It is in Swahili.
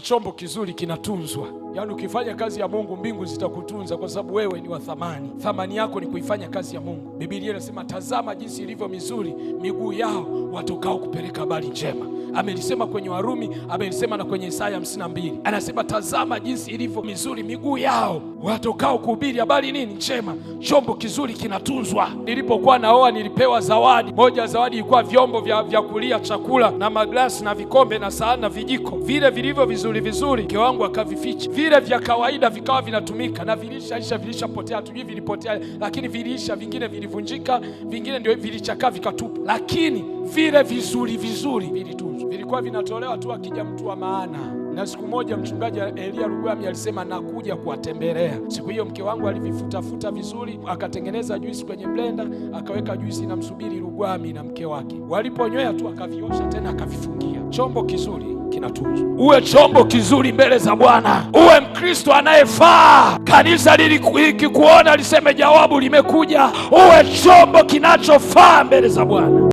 Chombo kizuri kinatunzwa. Yaani ukifanya kazi ya Mungu mbingu zitakutunza kwa sababu wewe ni wa thamani. Thamani yako ni kuifanya kazi ya Mungu. Biblia inasema tazama jinsi ilivyo mizuri miguu yao watokao kupeleka habari njema. Amelisema kwenye Warumi, amelisema na kwenye Isaya hamsini mbili. Anasema tazama jinsi ilivyo mizuri miguu yao watokao kuhubiri habari nini njema. Chombo kizuri kinatunzwa. Nilipokuwa naoa nilipewa zawadi moja, zawadi ilikuwa vyombo vya, vya kulia chakula na maglasi na vikombe na sahani na vijiko vile vilivyo vizuri vizuri, mke wangu akavificha vile vile vya kawaida vikawa vinatumika na vilishaisha, vilishapotea, hatujui vilipotea, lakini viliisha, vingine vilivunjika, vingine ndio vilichakaa vikatupa, lakini vile vizuri vizuri vilitunzwa, vilikuwa vinatolewa tu akija mtu wa maana na siku moja mchungaji Elia Rugwami alisema nakuja kuwatembelea. Siku hiyo mke wangu alivifutafuta vizuri, akatengeneza juisi kwenye blenda, akaweka juisi na msubiri Rugwami na mke wake, waliponywea tu akaviosha tena akavifungia chombo kizuri kinatunzwa. Uwe chombo kizuri mbele za Bwana, uwe Mkristo anayefaa. Kanisa likikuona liseme jawabu limekuja. Uwe chombo kinachofaa mbele za Bwana.